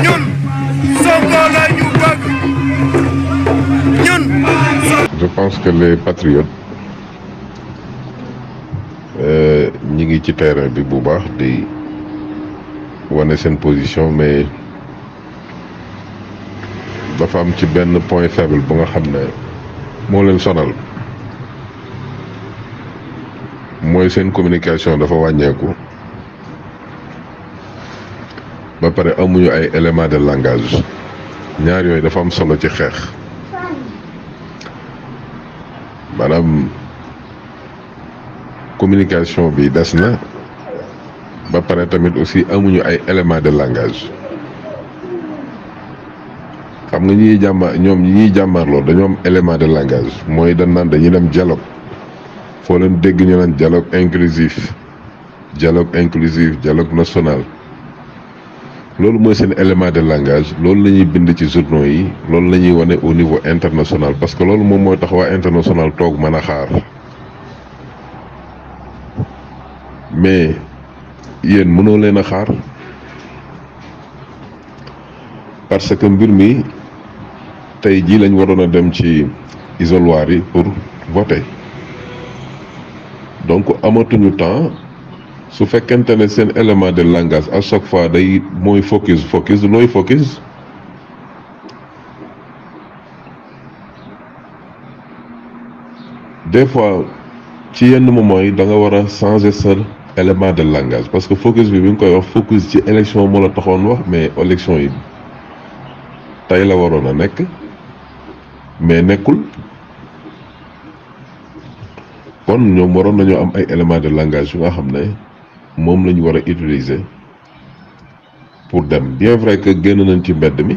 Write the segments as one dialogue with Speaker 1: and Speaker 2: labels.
Speaker 1: ñun Sonko la ñu bëgg ñun. je pense que les patriotes euh, ñi ngi ci terrain bi bu baax di wane seen position mais dafa am ci benn point faible bu nga xam ne moo leen sonal mooy seen communication dafa wàññeeku. ba pare amuñu ay éléments de langage ñaar yooyu dafa am solo ci xeex maanaam communication bi des na ba pare tamit aussi amuñu ay éléments de langage xam nga ñiy jàmma ñoom ñi ñuy jàmmaarloo dañoo am élément de langage mooy dañ naan dañuy dem dialogue foo leen dégg ñu naan dialogue inclusif dialogue inclusif dialogue national loolu mooy seen élément de langage loolu la ñuy bind ci journaux yi loolu la ñuy wane au niveau international parce que loolu moom mooy tax waa international toog mën a xaar mais yéen mënoo leen a xaar parce que mbir mi tey jii lañ waroon a dem ci isoloir yi pour voter donc amatuñu temps su fekkente ne seen élément de langage à chaque fois day mooy focus focus looy focus des fois ci yenn moment yi da nga war a changer sa élément de langage parce que focus bi bi nga koy wax focus ci élection moo la taxoon wax mais élection yi tey la waroon a nekk mais nekkul kon ñoom waroon nañoo am ay élément de langage yu nga xam ne moom lañu ñu war a utiliser pour dem bien vrai que génn nañ ci mbedd mi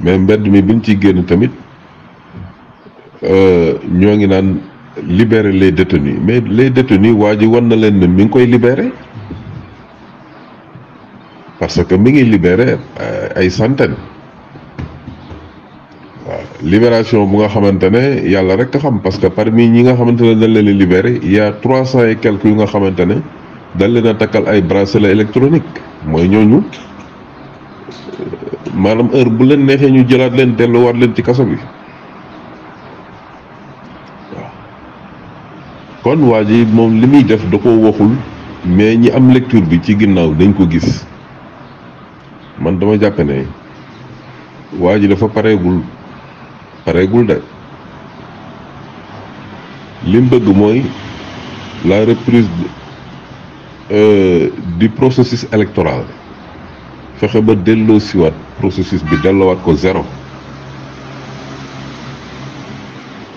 Speaker 1: mais mbedd mi biñ ciy génn tamit euh, ñoo ngi naan libérer les détenus mais les détenus waa ji wan na leen mi ngi koy libérer parce que mi ngi libérer euh, ay centaines waaw libération bu nga xamante ne yàlla rek a xam parce que parmi ñi nga xamante ne dañ leen libérer il y a trois cent et quelques yu nga xamante ne. dal leen a takkal ay bracelet électronique mooy ñooñu maanaam heure bu leen neexee ñu jëlaat leen delluwaat leen ci kaso bi waaw kon waa ji moom li muy def da ko waxul mais ñi am lecture bi ci ginnaaw dañ ko gis man dama jàpp ne waa ji dafa pareegul pareegul de li bëgg mooy la reprise. Euh, di processus électoral fexe ba delloo siwaat processus bi delloowaat ko zéro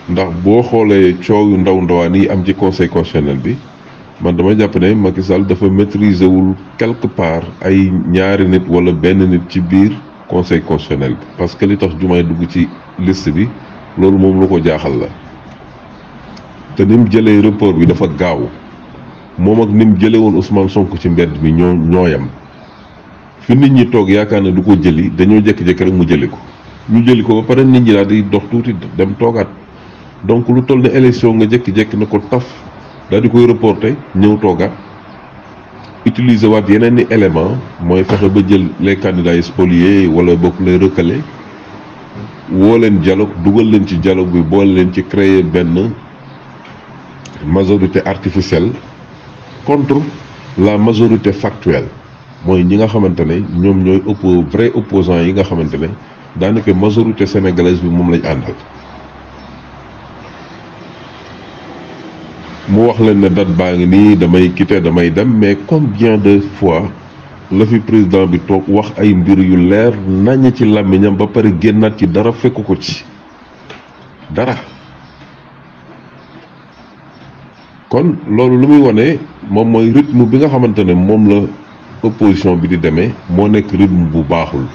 Speaker 1: ndax boo xoolee coow yu ndaw ndawaan yi am ci conseil constitutionnel bi man dama jàpp ne Macky Sall dafa maîtriser wul quelque part ay ñaari nit wala benn nit ci biir conseil constitutionnel bi parce que li tax jumaay dugg ci list bi loolu moom lu ko jaaxal la te ni mu jëlee rapport bi dafa gaaw moom ak nim jële woon Ousmane Sonko ci mbedd mi ñoo ñooyam fi nit ñi toog yaakaar ne du ko jëli dañoo jékki-jékki rek mu jëli ko ñu jëli ko ba pare nit ñi daal di dox tuuti dem toogaat donc lu toll ne élection nga jékki-jékki na ko taf daal di koy reporter ñëw toogaat utilise waat yeneen i élément mooy fexe ba jël les candidats yi spoliés wala bokk les recalés woo leen dialogue dugal leen ci dialogue bi boole leen ci créer benn majorité artificielle contre la majorité factuelle mooy ñi nga xamante ne ñoom ñooy oppo vrai opposant yi nga xamante ne daanaka majorité sénégalaise bi moom lañ àndal mu wax leen ne date baa ngi nii damay quitter damay dem mais comme bien de fois la fi président bi toog wax ay mbir yu leer nañ ci làmmiñam ba pare génnaat ci dara fekku ko ci dara kon loolu lu muy wane moom mooy rythme bi nga xamante ne moom la opposition bi di demee moo nekk rythme bu baaxul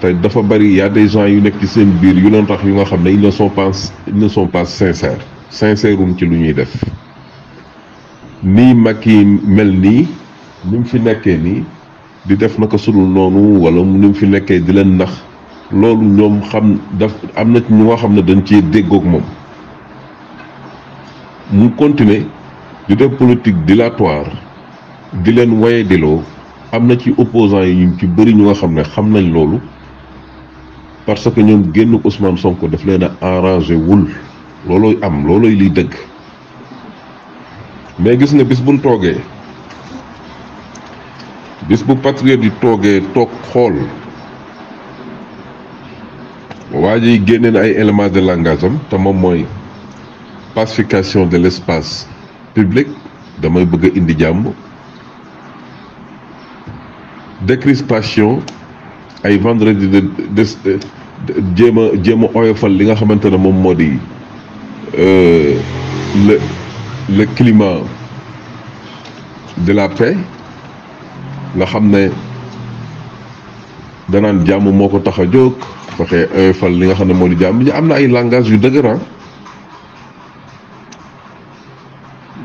Speaker 1: te dafa bari y a des gens yu nekk ci seen biir yu leen tax yu nga xam ne ils ne sont pas ils ne sont pas sincères sincère wuñ ci lu ñuy def nii mag yi mel nii ni mu fi nekkee nii di def ko sudul noonu wala ni mu fi nekkee di leen nax loolu ñoom xam daf am na ci ñu nga xam ne dañ ci déggoog moom mu continuer di def politique dilatoire di leen waye diloo am na ci opposants yi ñu ci bëri ñu nga xam ne xam nañ loolu parce que ñoom génn Ousmane Sonko daf leen a arrangé wul loolooy am loolooy liy dëgg mais gis nga bis buñ toogee bis bu patriote yi toogee toog xool waa ji génne na ay éléments de langage am te moom mooy pacification de l'espace public damay bëgg a indi jamm décrispation ay vendredi de de jéem a jéem oyofal li nga xamantene mom modi euh le le climat de la paix nga xamné da nan jamm moko ko tax a jóg oyofal li nga xam modi jamm ñi amna ay langage yu dëgëran ah.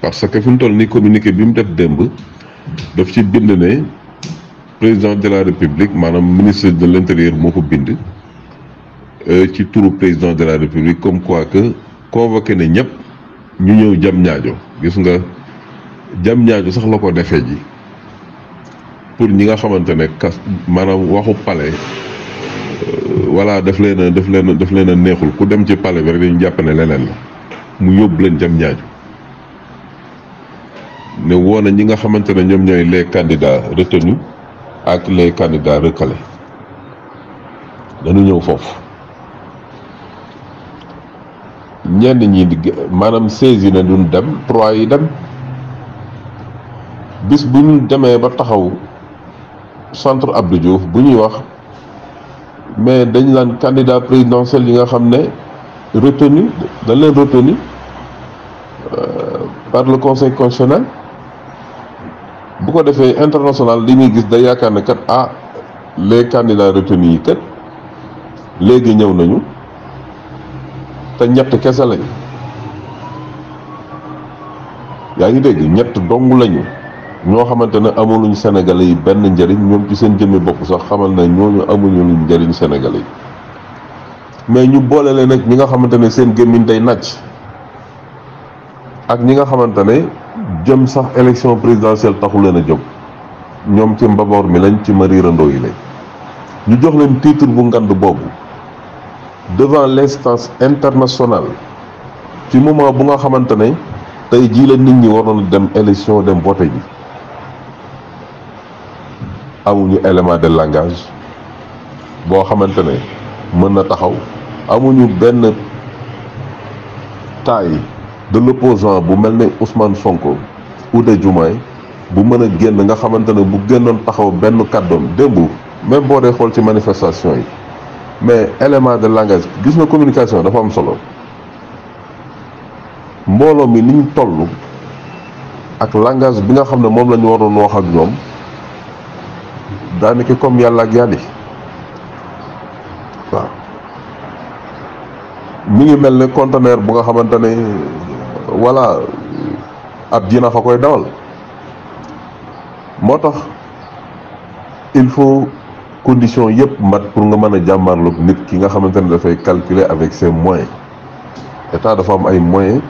Speaker 1: parce que fu mu toll nii communiqué bi mu def démb daf ci bind ne président de la république maanaam ministre de l' intérieur moo ko bind euh, ci turu président de la république comme quoi que convoqué ne ñëpp ñu ñëw jam ñaajo gis nga jam ñaajo sax la ko defee ji pour ñi nga xamante ne kas maanaam waxu pale euh, voilà daf leen def daf leen daf leen neexul ku dem ci palais bi rek dañu jàpp leneen la mu yóbbu leen jam ñaajo ne woon na ñi nga xamante ne ñoom ñooy les candidats retenus ak les candidats recalés dañu ñëw foofu ñenn ñi maanaam seize na duñ dem trois yi dem bis bu ñu demee ba taxaw centre Abdou Diouf bu ñuy wax mais dañ laan candidat présidentiel yi nga xam ne retenu dañ leen retenu euh, par le conseil constitutionnel bu ko defee international li muy gis day yaakaar na kat ah les candidats retenus yi kat léegi ñëw nañu te ñett kese lañ yaa ngi dégg ñett dong lañu ñoo xamante ne amuluñ Sénégalais yi benn njëriñ ñoom ci seen jëmmi bokk sax xamal ne ñooñu amuñu luñ njëriñ Sénégalais yi mais ñu boole leen nag ñi nga xamante ne seen gémmiñ day nàcc ak ñi nga xamante ne. jëm sax élection présidentielle taxu leen a jóg ñoom ci mbaboor mi lañ ci mariirandoo yi lañ ñu jox leen titre bu ngand devant l'instance internationale ci moment bu nga xamante ne tey la nit ñi dem élection dem vote ji amuñu élément de langage boo xamante ne taxaw amuñu taille de l'opposant bu mel ne Ousmane Sonko ou de Diomaye bu mën a génn nga xamante ne bu génnoon taxaw benn kàddoom démb même boo dee xool ci manifestation yi mais élément de langage gis nga communication dafa am solo mbooloo mi ni ñu ak langage bi nga xam ne moom la waroon wax ak ñoom daanaka comme yàlla ak yàlli waaw ngi mel ne conteneur bu nga xamante ne voilà ab dina fa koy dawal moo tax il faut condition yëpp mat pour nga mën a jàmmarloog nit ki nga xamante ne dafay calculer avec ses moyens état dafa am ay moyens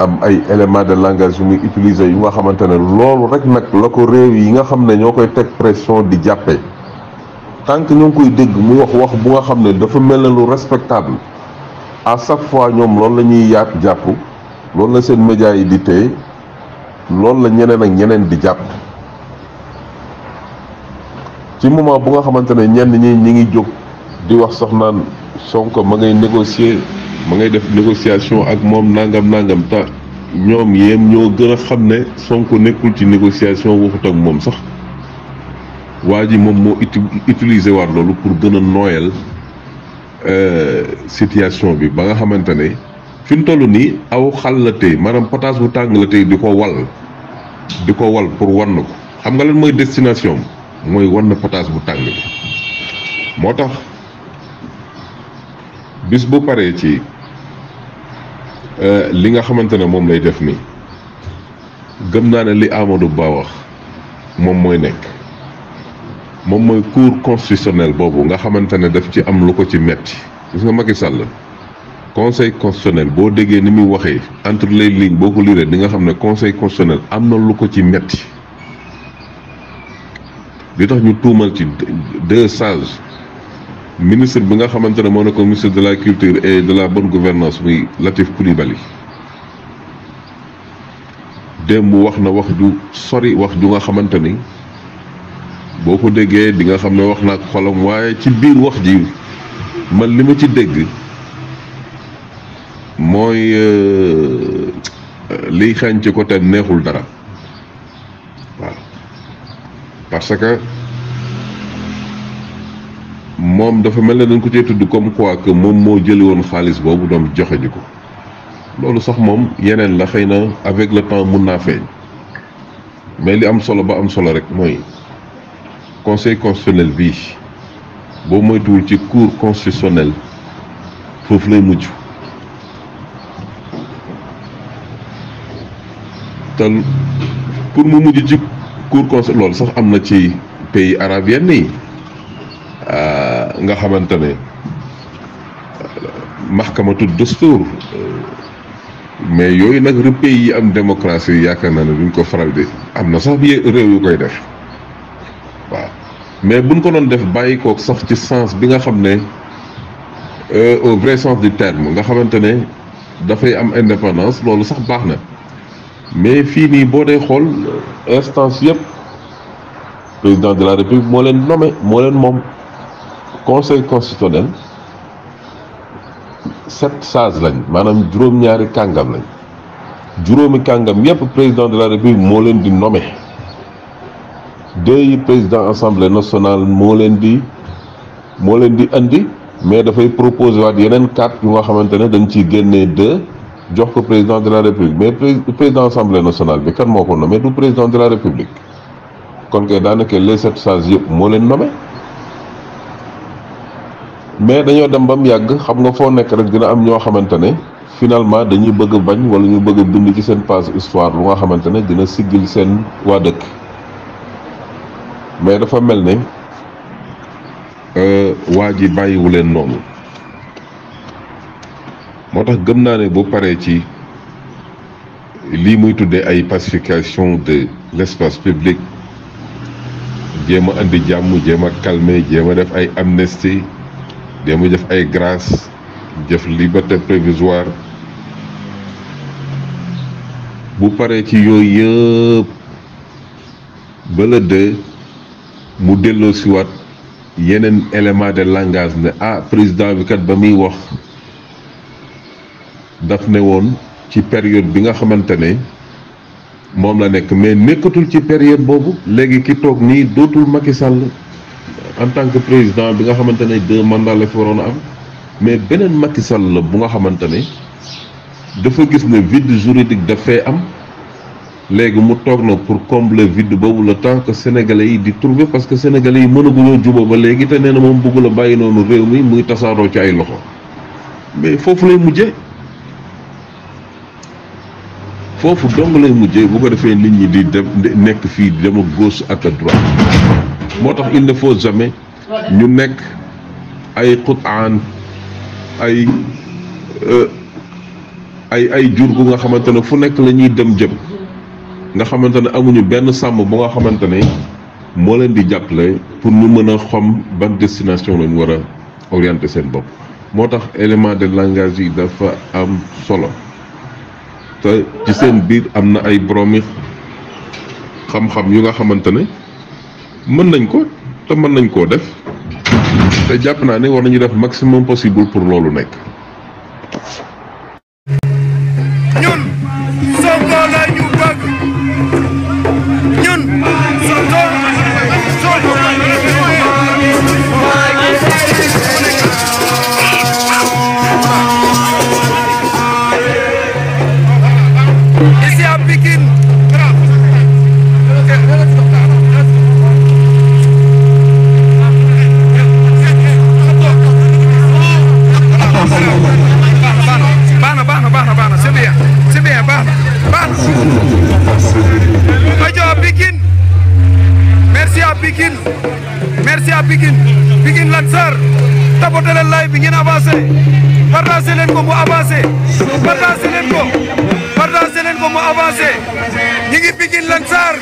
Speaker 1: am ay éléments de langage yu muy utiliser yu nga xamante ne loolu rek nag la ko réew yi nga xam ne ñoo koy teg pression di jàppe tant que ñoo ngi koy dégg mu wax wax bu nga xam ne dafa mel ne respectable à chaque fois ñoom loolu la ñuy yaat jàpp lool la seen médias yi di tey loolu la ñeneen ak ñeneen di jàpp ci moment bu nga xamante ne ñenn ñi ñi ngi jóg di wax sax sonk ma ngay négocier ma ngay def négociation ak moom ndangam nangam ta ñoom yéen ñoo gën a xam ne sonk nekkul ci négociation waxut ak moom sax waa ji moom moo uti utiliser waat loolu pour gën a nooyal Euh, situation bi ba nga xamante ne fi mu toll nii aw xal la tey maanaam potaas bu tàng la tey di ko wal di ko wal pour wann ko xam nga lan mooy destination mooy wann potaas bu tàng bi moo tax bis bu paree ci euh, li nga xamante ne moom lay def ni gëm naa ne li Amadou Ba wax moom mooy nekk moom mooy cour constitutionnel boobu nga xamante ne daf ci am lu ko ci metti gis nga Macky Sall conseil constitutionnel boo déggee ni muy waxee entre les lignes boo ko liiree di nga xam ne conseil constitutionnel am na lu ko ci metti li tax ñu tuumal ci deux sages ministre bi nga xamante ne moo ne ko ministre de la culture et de la bonne gouvernance muy Latif Coulibaly démb wax na wax ju sori wax ju nga xamante ni boo ko déggee di nga xam ne wax naa ko xolam waaye ci biir wax ji man li ma ci dégg mooy euh, liy xañ ci côté neexul dara waaw parce que moom dafa mel ne dañ ko cee tudd comme quoi que moom moo jëli woon xaalis boobu doom joxe ñu ko loolu sax moom yeneen la xëy na avec le temps mun naa feeñ mais li am solo ba am solo rek mooy conseil constitutionnel bi boo moytuwul ci cour constitutionnel foofu lay mujj te pour mu mujj ci cour constitutionnel loolu sax am na ci pays arabes yenn yi ah, nga xamante ne euh, maxkamatu dastuur euh, mais yooyu nag pays yi am démocratie yaakaar naa ne duñ ko faral bi am na sax bi réew yu koy def mais buñ ko doon def bàyyi ko sax ci sens bi nga euh, au vrai sens du terme nga xamante ne dafay am indépendance loolu sax baax mais fini nii des dee xool instance président de la république moo leen nommé moo leen conseil constitutionnel sept sages lañ maanaam juróom-ñaari Kangam, lañ juróomi kàngam yëpp président de la république moo leen di nommé yi président assemblée nationale moo leen di moo leen di andi mais dafay proposé waat yeneen quatre yu nga xamante ne dañ ciy génnee deux jox ko président de la république mais président assemblée nationale bi kan moo ko nommé du président de la république kon kay daanaka les set sages yëpp moo leen nommé mais dañoo dem ba yàgg xam nga foo nekk rek dina am ñoo xamante ne finalement dañuy bëgg bañ wala ñu bëgg bind ci seen page histoire lu nga xamante ne dina siggil seen waa dëkk. mais dafa mel euh waji ji bàyyiwu leen noonu moo tax gëm naa ne bu paree ci li muy tuddé ay pacification de l'espace public djema andi jamm djema calmer djema def ay amnistie djema def ay grâce def liberté provisoire bu paree ci yooyu yëpp ba de mu delloo siwaat yeneen élément de langage ne ah président bi kat ba muy wax daf ne woon ci période bi nga xamante ne moom la nekk mais nekkatul ci période boobu léegi ki toog nii dootul Macky Sall en tant que président bi nga xamante ne deux mandats la fi a am mais beneen Macky Sall la bu nga xamante ne dafa gis ne vide juridique daf fee am léegi mu toog na pour combler ba boobu le temps que sénégalais yi di trouver parce que sénégalais yi mënaguñoo juboo ba léegi te nee na moom bëggul a bàyyi noonu réew mi muy tasaaroo ci ay loxo mais foofu lay mujje foofu dong lay mujje bu ko defee nit ñi di dem nekk fii di dem ak gauche ak moo tax il ne faut jamais ñu nekk ay xutaan ay euh, ay ay jur gu nga xamante ne fu nekk la ñuy dem jëm. nga xamante ne amuñu benn sàmm bu nga xamante ne moo leen di jàppale pour ñu mën a xam ban destination lañ war a orienter seen bopp moo tax élément de langage yi dafa am solo te ci seen biir am na ay boroomi xam-xam yu nga xamante ne mën nañ ko te mën nañ koo def te jàpp naa ne war nañu def maximum possible pour loolu nekk ñun Aja Bikin merci à Bikin merci à Bikin Bikin Lansar taboté leen live bi ngeen avancé partagé leen ko mu avancé partagé leen ko partagé leen ko mu avancé ñi ngi Bikin Lansar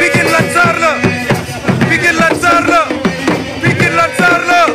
Speaker 1: Bikin Lansar la Bikin Lansar la Bikin Lansar la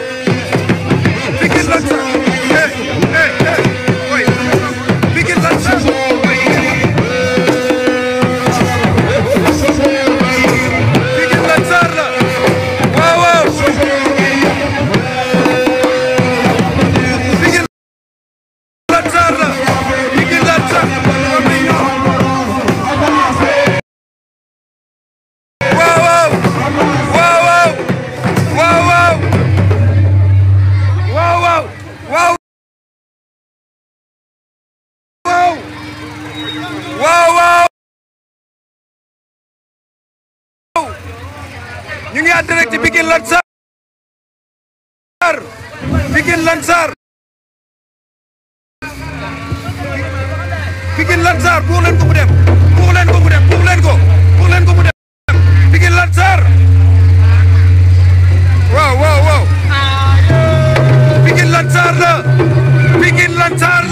Speaker 1: ñu ngi en direct Pikine Lansar Pikine Lansar Pikine Lansar buux leen ko mu dem buux leen ko mu dem buux leen ko buux leen ko mu dem Pikine Lansar waaw waaw waaw Pikine Lansar la Pikine Lansar